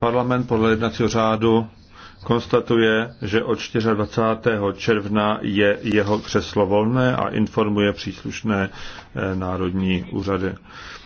Parlament podle jednacího řádu konstatuje, že od 24. června je jeho křeslo volné a informuje příslušné eh, národní úřady.